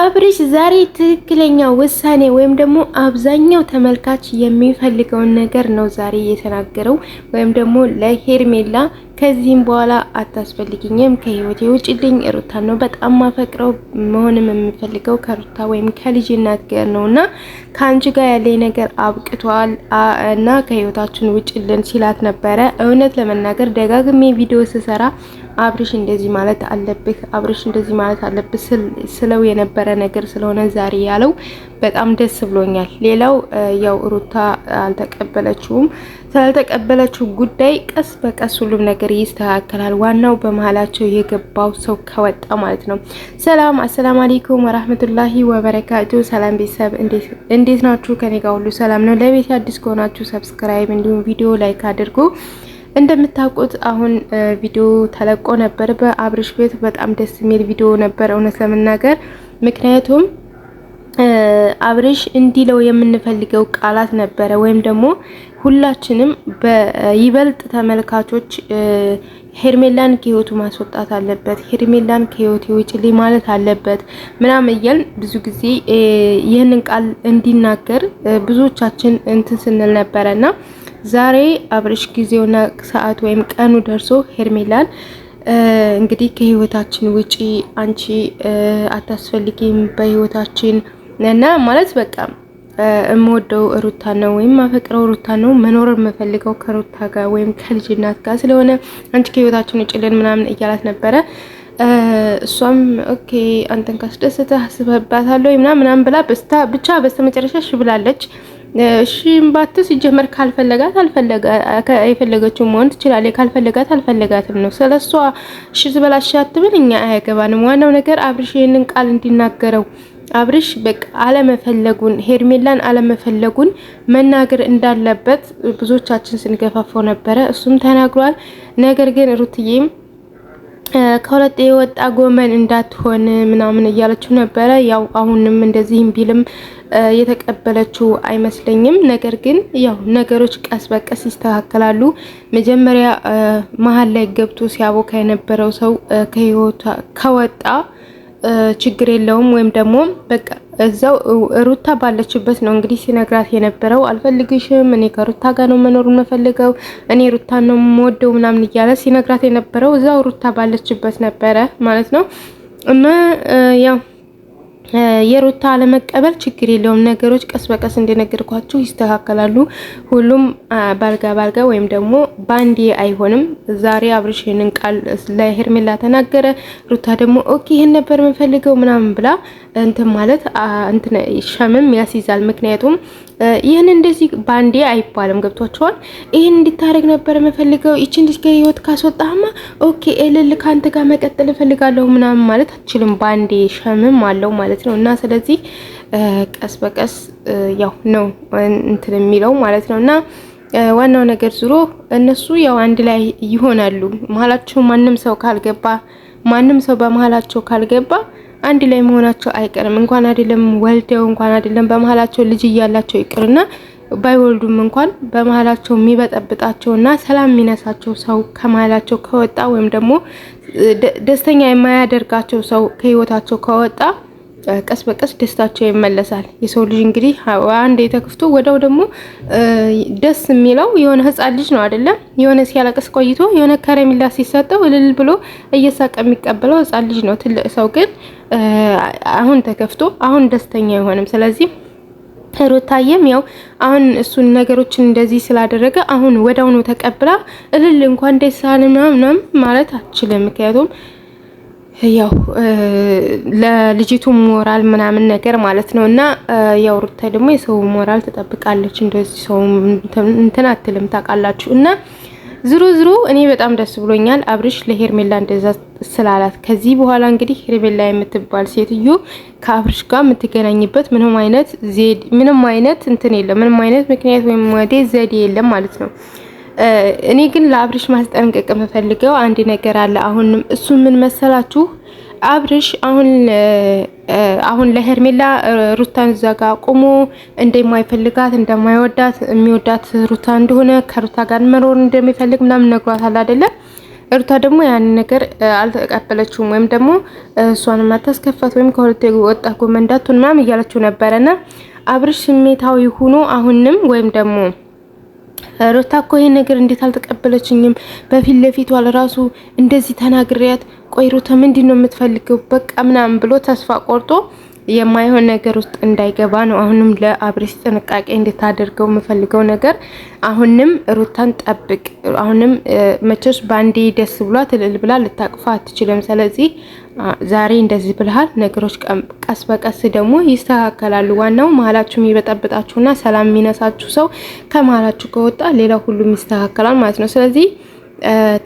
አብርሽ ዛሬ ትክክለኛ ውሳኔ ወይም ደግሞ አብዛኛው ተመልካች የሚፈልገውን ነገር ነው ዛሬ የተናገረው ወይም ደግሞ ለሄርሜላ ከዚህም በኋላ አታስፈልግኝም፣ ከህይወቴ ውጭልኝ፣ ሩታ ነው በጣም ማፈቅረው መሆንም የምፈልገው ከሩታ ወይም ከልጅ እናት ጋር ነው እና ከአንቺ ጋር ያለ ነገር አብቅቷል እና ከህይወታችን ውጭልን ሲላት ነበረ። እውነት ለመናገር ደጋግሜ ቪዲዮ ስሰራ አብርሽ እንደዚህ ማለት አለብህ፣ አብርሽ እንደዚህ ማለት አለብህ ስለው የነበረ ነገር ስለሆነ ዛሬ ያለው በጣም ደስ ብሎኛል። ሌላው ያው ሩታ አልተቀበለችውም። ስላልተቀበለችው ጉዳይ ቀስ በቀስ ሁሉም ነገር ይስተካከላል። ዋናው በመሀላቸው የገባው ሰው ከወጣ ማለት ነው። ሰላም አሰላም አለይኩም ወራህመቱላሂ ወበረካቱ። ሰላም ቤተሰብ እንዴት ናችሁ? ከኔ ጋር ሁሉ ሰላም ነው። ለቤት አዲስ ከሆናችሁ ሰብስክራይብ እንዲሁም ቪዲዮ ላይክ አድርጉ። እንደምታውቁት አሁን ቪዲዮ ተለቆ ነበር በአብርሽ ቤት። በጣም ደስ የሚል ቪዲዮ ነበር እውነት ለመናገር ምክንያቱም አብርሽ እንዲለው የምንፈልገው ቃላት ነበረ ወይም ደግሞ ሁላችንም በይበልጥ ተመልካቾች ሄርሜላን ከህይወቱ ማስወጣት አለበት፣ ሄርሜላን ከህይወቱ ውጪልኝ ማለት አለበት ምናምን እያልን ብዙ ጊዜ ይህንን ቃል እንዲናገር ብዙዎቻችን እንትን ስንል ነበረና ዛሬ አብርሽ ጊዜውና ሰዓት ወይም ቀኑ ደርሶ ሄርሜላን እንግዲህ ከህይወታችን ውጪ አንቺ አታስፈልጊም በህይወታችን እና ማለት በቃ የምወደው ሩታ ነው ወይም ማፈቅረው ሩታ ነው መኖር የምፈልገው ከሩታ ጋር ወይም ከልጅ እናት ጋር ስለሆነ አንቺ ከህይወታችን ውጭልን ምናምን እያላት ነበረ። እሷም ኦኬ አንተን ካስደሰተ አስበባታለሁ ምናምን ብላ በስታ ብቻ በስተመጨረሻ እሺ ብላለች። እሺ ባትል ሲጀመር ካልፈለጋት አልፈለጋ የፈለገችው መሆን ትችላለች። ካልፈለጋት አልፈለጋትም ነው። ስለሷ እሺ ዝበላሽ አትብል እኛ አያገባንም። ዋናው ነገር አብርሽ ይሄንን ቃል እንዲናገረው አብርሽ በቃ አለመፈለጉን ሄርሜላን አለመፈለጉን መናገር እንዳለበት ብዙዎቻችን ስንገፋፈው ነበረ። እሱም ተናግሯል። ነገር ግን ሩትዬም ከሁለት የወጣ ጎመን እንዳትሆን ምናምን እያለችው ነበረ። ያው አሁንም እንደዚህም ቢልም የተቀበለችው አይመስለኝም። ነገር ግን ያው ነገሮች ቀስ በቀስ ይስተካከላሉ። መጀመሪያ መሀል ላይ ገብቶ ሲያቦካ የነበረው ሰው ከህይወቷ ከወጣ ችግር የለውም ወይም ደግሞ በቃ እዛው ሩታ ባለችበት ነው እንግዲህ ሲነግራት የነበረው። አልፈልግሽም፣ እኔ ከሩታ ጋር ነው መኖር የምፈልገው፣ እኔ ሩታ ነው የምወደው ምናምን እያለ ሲነግራት የነበረው እዛው ሩታ ባለችበት ነበረ ማለት ነው። እና ያው የሩታ አለመቀበል ችግር የለውም። ነገሮች ቀስ በቀስ እንደነገርኳችሁ ይስተካከላሉ። ሁሉም ባልጋ ባልጋ ወይም ደግሞ ባንዴ አይሆንም። ዛሬ አብርሽ ይህንን ቃል ለሄርሜላ ተናገረ። ሩታ ደግሞ ኦኬ ይህን ነበር የምንፈልገው ምናምን ብላ እንትን ማለት እንትን ሸምም ያስይዛል። ምክንያቱም ይህን እንደዚህ ባንዴ አይባልም። ገብቷቸዋል። ይህን እንድታደርግ ነበር የምፈልገው። ይችን ልጅ ከህይወት ካስወጣህማ ኦኬ እልል ከአንተ ጋር መቀጠል እፈልጋለሁ ምናምን ማለት አትችልም። ባንዴ ሸምም አለው ማለት ነው። እና ስለዚህ ቀስ በቀስ ያው ነው እንትን የሚለው ማለት ነው እና ዋናው ነገር ዙሮ እነሱ ያው አንድ ላይ ይሆናሉ። መሀላቸው ማንም ሰው ካልገባ ማንም ሰው በመሀላቸው ካልገባ አንድ ላይ መሆናቸው አይቀርም። እንኳን አይደለም ወልደው እንኳን አይደለም በመሀላቸው ልጅ እያላቸው ይቅርና ባይወልዱም እንኳን በመሀላቸው የሚበጠብጣቸውና ሰላም የሚነሳቸው ሰው ከመሀላቸው ከወጣ ወይም ደግሞ ደስተኛ የማያደርጋቸው ሰው ከህይወታቸው ከወጣ ቀስ በቀስ ደስታቸው ይመለሳል። የሰው ልጅ እንግዲህ አንድ የተከፍቶ ወዲያው ደግሞ ደስ የሚለው የሆነ ህፃን ልጅ ነው አይደለም። የሆነ ሲያለቅስ ቆይቶ የሆነ ከረሜላ ሲሰጠው እልል ብሎ እየሳቀ የሚቀበለው ህፃን ልጅ ነው። ትልቅ ሰው ግን አሁን ተከፍቶ አሁን ደስተኛ አይሆንም። ስለዚህ ሮታየም ያው አሁን እሱን ነገሮችን እንደዚህ ስላደረገ አሁን ወዲያው ነው ተቀብላ እልል እንኳን ደስ አለ ምናምን ማለት አትችልም። ምክንያቱም ያው ለልጅቱ ሞራል ምናምን ነገር ማለት ነው። እና ያው ሩታ ደግሞ የሰው ሞራል ትጠብቃለች፣ እንደዚህ ሰው እንትን አትልም ታውቃላችሁ። እና ዝሮ ዝሮ እኔ በጣም ደስ ብሎኛል አብርሽ ለሄርሜላ እንደዛ ስላላት። ከዚህ በኋላ እንግዲህ ሄርሜላ የምትባል ሴትዮ ከአብርሽ ጋር የምትገናኝበት ምንም አይነት ምንም አይነት እንትን የለም፣ ምንም አይነት ምክንያት ወይም ዘዴ የለም ማለት ነው። እኔ ግን ለአብርሽ ማስጠንቀቅ የምፈልገው አንድ ነገር አለ። አሁንም እሱ ምን መሰላችሁ አብርሽ አሁን አሁን ለሄርሜላ ሩታን እዛ ቆሞ እንደማይፈልጋት እንደማይወዳት የሚወዳት ሩታ እንደሆነ ከሩታ ጋር መኖር እንደሚፈልግ ምናምን ነግሯታል አይደለም። ሩታ ደግሞ ያንን ነገር አልተቀበለችውም፣ ወይም ደግሞ እሷን ማታስከፋት ወይም ከሁለት ወጣ ጎመንዳቱን ምናምን እያለችው ነበረና አብርሽ ስሜታዊ ሆኖ አሁንም ወይም ደግሞ ሩታ እኮ ይሄ ነገር እንዴት አልተቀበለችኝም? በፊት ለፊቷ ራሱ እንደዚህ ተናግሬያት፣ ቆይ ሩታ ምንድን ነው የምትፈልገው? በቃ ምናምን ብሎ ተስፋ ቆርጦ የማይሆን ነገር ውስጥ እንዳይገባ ነው። አሁንም ለአብሬሽ ጥንቃቄ እንድታደርገው የምፈልገው ነገር አሁንም ሩታን ጠብቅ። አሁንም መቼስ በአንዴ ደስ ብሏት እልል ብላ ልታቅፋ አትችልም። ስለዚህ ዛሬ እንደዚህ ብልሃል፣ ነገሮች ቀስ በቀስ ደግሞ ይስተካከላሉ። ዋናው መሀላችሁ የሚበጠብጣችሁና ሰላም የሚነሳችሁ ሰው ከመሀላችሁ ከወጣ ሌላ ሁሉም ይስተካከላል ማለት ነው። ስለዚህ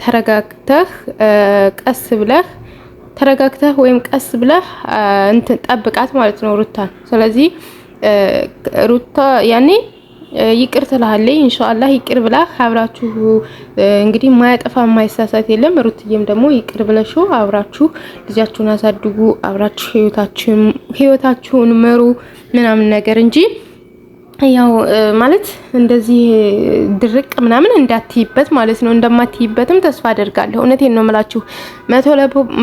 ተረጋግተህ ቀስ ብለህ ተረጋግተህ ወይም ቀስ ብለህ እንትን ጠብቃት ማለት ነው ሩታን። ስለዚህ ሩታ ያኔ ይቅር ትልሃለች። ኢንሻአላህ ይቅር ብላ አብራችሁ እንግዲህ ማያጠፋ ማይሳሳት የለም። ሩትዬም ደግሞ ይቅር ብለሽው አብራችሁ ልጃችሁን አሳድጉ፣ አብራችሁ ህይወታችሁን ምሩ ምናምን ነገር እንጂ ያው ማለት እንደዚህ ድርቅ ምናምን እንዳትይበት ማለት ነው። እንደማትይበትም ተስፋ አደርጋለሁ። እውነቴን ነው የምላችሁ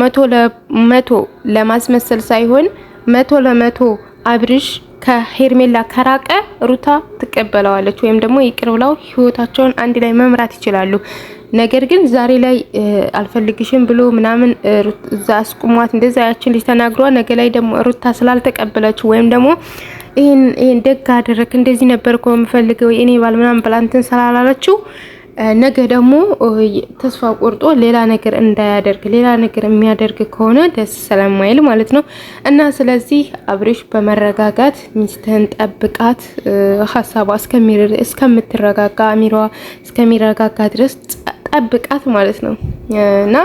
መቶ ለመቶ ለማስመሰል ሳይሆን መቶ ለመቶ አብርሽ ከሄርሜላ ከራቀ ሩታ ትቀበለዋለች ወይም ደግሞ ይቅር ህይወታቸውን አንድ ላይ መምራት ይችላሉ። ነገር ግን ዛሬ ላይ አልፈልግሽም ብሎ ምናምን እዛ አስቁሟት እንደዛ ያችን ልጅ ተናግሯ፣ ነገ ላይ ደግሞ ሩታ ስላልተቀበለች ወይም ደግሞ ይሄን ይሄን ደግ አደረክ እንደዚህ ነበር እኮ የምፈልገው እኔ ባል ምናምን ብላ ስላላለችው ነገ ደግሞ ተስፋ ቆርጦ ሌላ ነገር እንዳያደርግ ሌላ ነገር የሚያደርግ ከሆነ ደስ ስለማይል ማለት ነው። እና ስለዚህ አብሬሽ በመረጋጋት ሚስትህን ጠብቃት፣ ሀሳቧ እስከምትረጋጋ አሚሯ እስከሚረጋጋ ድረስ ጠብቃት ማለት ነው እና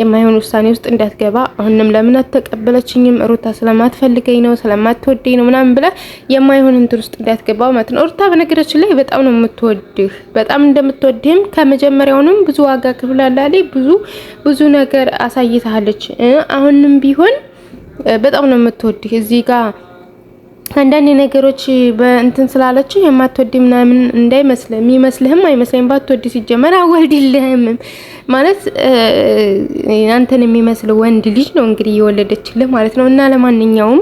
የማይሆን ውሳኔ ውስጥ እንዳትገባ አሁንም ለምን አትተቀበለችኝም ሩታ ስለማትፈልገኝ ነው ስለማትወደኝ ነው ምናምን ብላ የማይሆን እንትን ውስጥ እንዳትገባ ማለት ነው። ሩታ በነገራችን ላይ በጣም ነው የምትወድህ፣ በጣም እንደምትወድህም ከመጀመሪያውንም ብዙ ዋጋ ክፍላላ ብዙ ብዙ ነገር አሳይታለች። አሁንም ቢሆን በጣም ነው የምትወድህ እዚህ ጋር አንዳንድ ነገሮች በእንትን ስላላችሁ የማትወድ ምናምን እንዳይመስል የሚመስልህም አይመስለኝም። ባትወድ ሲጀመር አወልድልህም ማለት አንተን የሚመስል ወንድ ልጅ ነው እንግዲህ እየወለደችልህ ማለት ነው። እና ለማንኛውም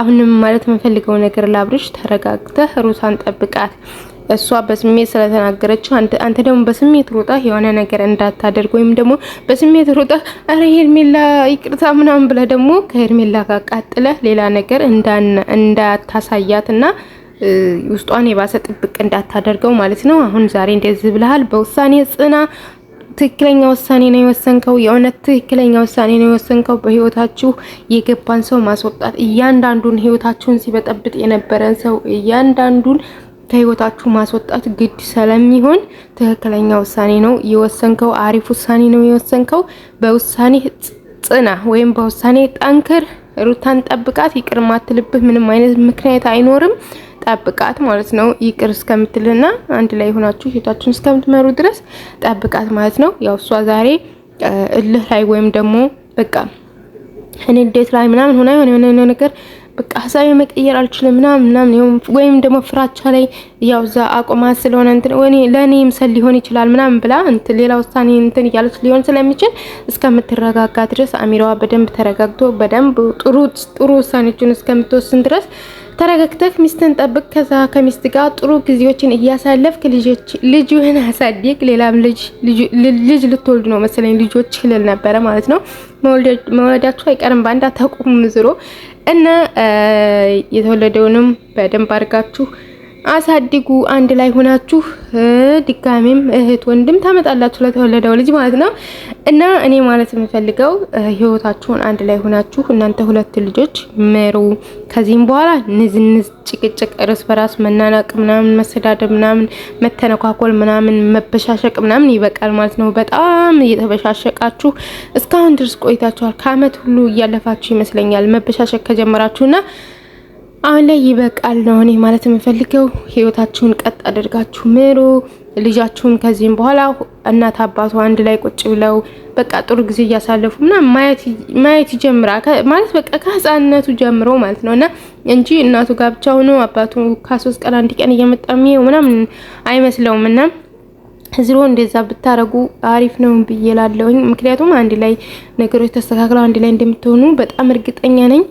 አሁንም ማለት የምፈልገው ነገር ላብርሽ፣ ተረጋግተህ ሩሳን ጠብቃት። እሷ በስሜት ስለተናገረችው አንተ ደግሞ በስሜት ሮጣ የሆነ ነገር እንዳታደርግ ወይም ደግሞ በስሜት ሮጣ አረ ሄርሜላ ይቅርታ ምናምን ብለህ ደግሞ ከሄርሜላ ጋር ቃጥለህ ሌላ ነገር እንዳታሳያትና ውስጧን የባሰ ጥብቅ እንዳታደርገው ማለት ነው። አሁን ዛሬ እንደዚህ ብለሃል፣ በውሳኔ ጽና። ትክክለኛ ውሳኔ ነው የወሰንከው። የእውነት ትክክለኛ ውሳኔ ነው የወሰንከው። በህይወታችሁ የገባን ሰው ማስወጣት፣ እያንዳንዱን ህይወታችሁን ሲበጠብጥ የነበረን ሰው እያንዳንዱን ከህይወታችሁ ማስወጣት ግድ ስለሚሆን ትክክለኛ ውሳኔ ነው የወሰንከው። አሪፍ ውሳኔ ነው የወሰንከው። በውሳኔ ጽና ወይም በውሳኔ ጠንክር። ሩታን ጠብቃት። ይቅር ማትልብህ ምንም አይነት ምክንያት አይኖርም። ጠብቃት ማለት ነው። ይቅር እስከምትልና አንድ ላይ ሆናችሁ ህይወታችሁን እስከምትመሩ ድረስ ጠብቃት ማለት ነው። ያው እሷ ዛሬ እልህ ላይ ወይም ደግሞ በቃ እኔ እንዴት ላይ ምናምን ሆና የሆነ ነገር በቃ ሀሳቤ መቀየር አልችልም ምናምን ምናምን ወይም ደግሞ ፍራቻ ላይ ያው እዛ አቆማት ስለሆነ እንትን ወኔ ለእኔ ምሰል ሊሆን ይችላል ምናምን ብላ እንትን ሌላ ውሳኔ እንትን እያለች ሊሆን ስለሚችል እስከምትረጋጋ ድረስ አሚራዋ በደንብ ተረጋግቶ በደንብ ጥሩ ጥሩ ውሳኔዎችን እስከምትወስን ድረስ ተረጋግተህ ሚስትን ጠብቅ። ከዛ ከሚስት ጋር ጥሩ ጊዜዎችን እያሳለፍክ ልጆች ልጅህን አሳድግ። ሌላም ልጅ ልጅ ልትወልድ ነው መሰለኝ ልጆች ልል ነበረ ማለት ነው። መውለዳቸው አይቀርም በአንድ ተቁም ዝሮ እና የተወለደውንም በደንብ አድርጋችሁ አሳድጉ። አንድ ላይ ሆናችሁ ድጋሜም እህት ወንድም ታመጣላችሁ ለተወለደው ልጅ ማለት ነው። እና እኔ ማለት የምፈልገው ህይወታችሁን አንድ ላይ ሆናችሁ እናንተ ሁለት ልጆች ምሩ። ከዚህም በኋላ ንዝንዝ፣ ጭቅጭቅ፣ እርስ በራስ መናናቅ ምናምን፣ መሰዳደብ ምናምን፣ መተነኳኮል ምናምን፣ መበሻሸቅ ምናምን ይበቃል ማለት ነው። በጣም እየተበሻሸቃችሁ እስካሁን ድረስ ቆይታችኋል። ከአመት ሁሉ እያለፋችሁ ይመስለኛል መበሻሸቅ ከጀመራችሁና አሁን ላይ ይበቃል ነው እኔ ማለት የምፈልገው። ህይወታችሁን ቀጥ አድርጋችሁ ምሩ። ልጃችሁም ከዚህም በኋላ እናት አባቱ አንድ ላይ ቁጭ ብለው በቃ ጥሩ ጊዜ እያሳለፉ ምናምን ማየት ይጀምራል ማለት በቃ ከህፃንነቱ ጀምሮ ማለት ነው እና እንጂ እናቱ ጋር ብቻ ሆኖ አባቱ ከሶስት ቀን አንድ ቀን እየመጣ ሚሄው ምናምን አይመስለውም እና ዝሮ እንደዛ ብታረጉ አሪፍ ነው ብዬ ምክንያቱም አንድ ላይ ነገሮች ተስተካክለው አንድ ላይ እንደምትሆኑ በጣም እርግጠኛ ነኝ።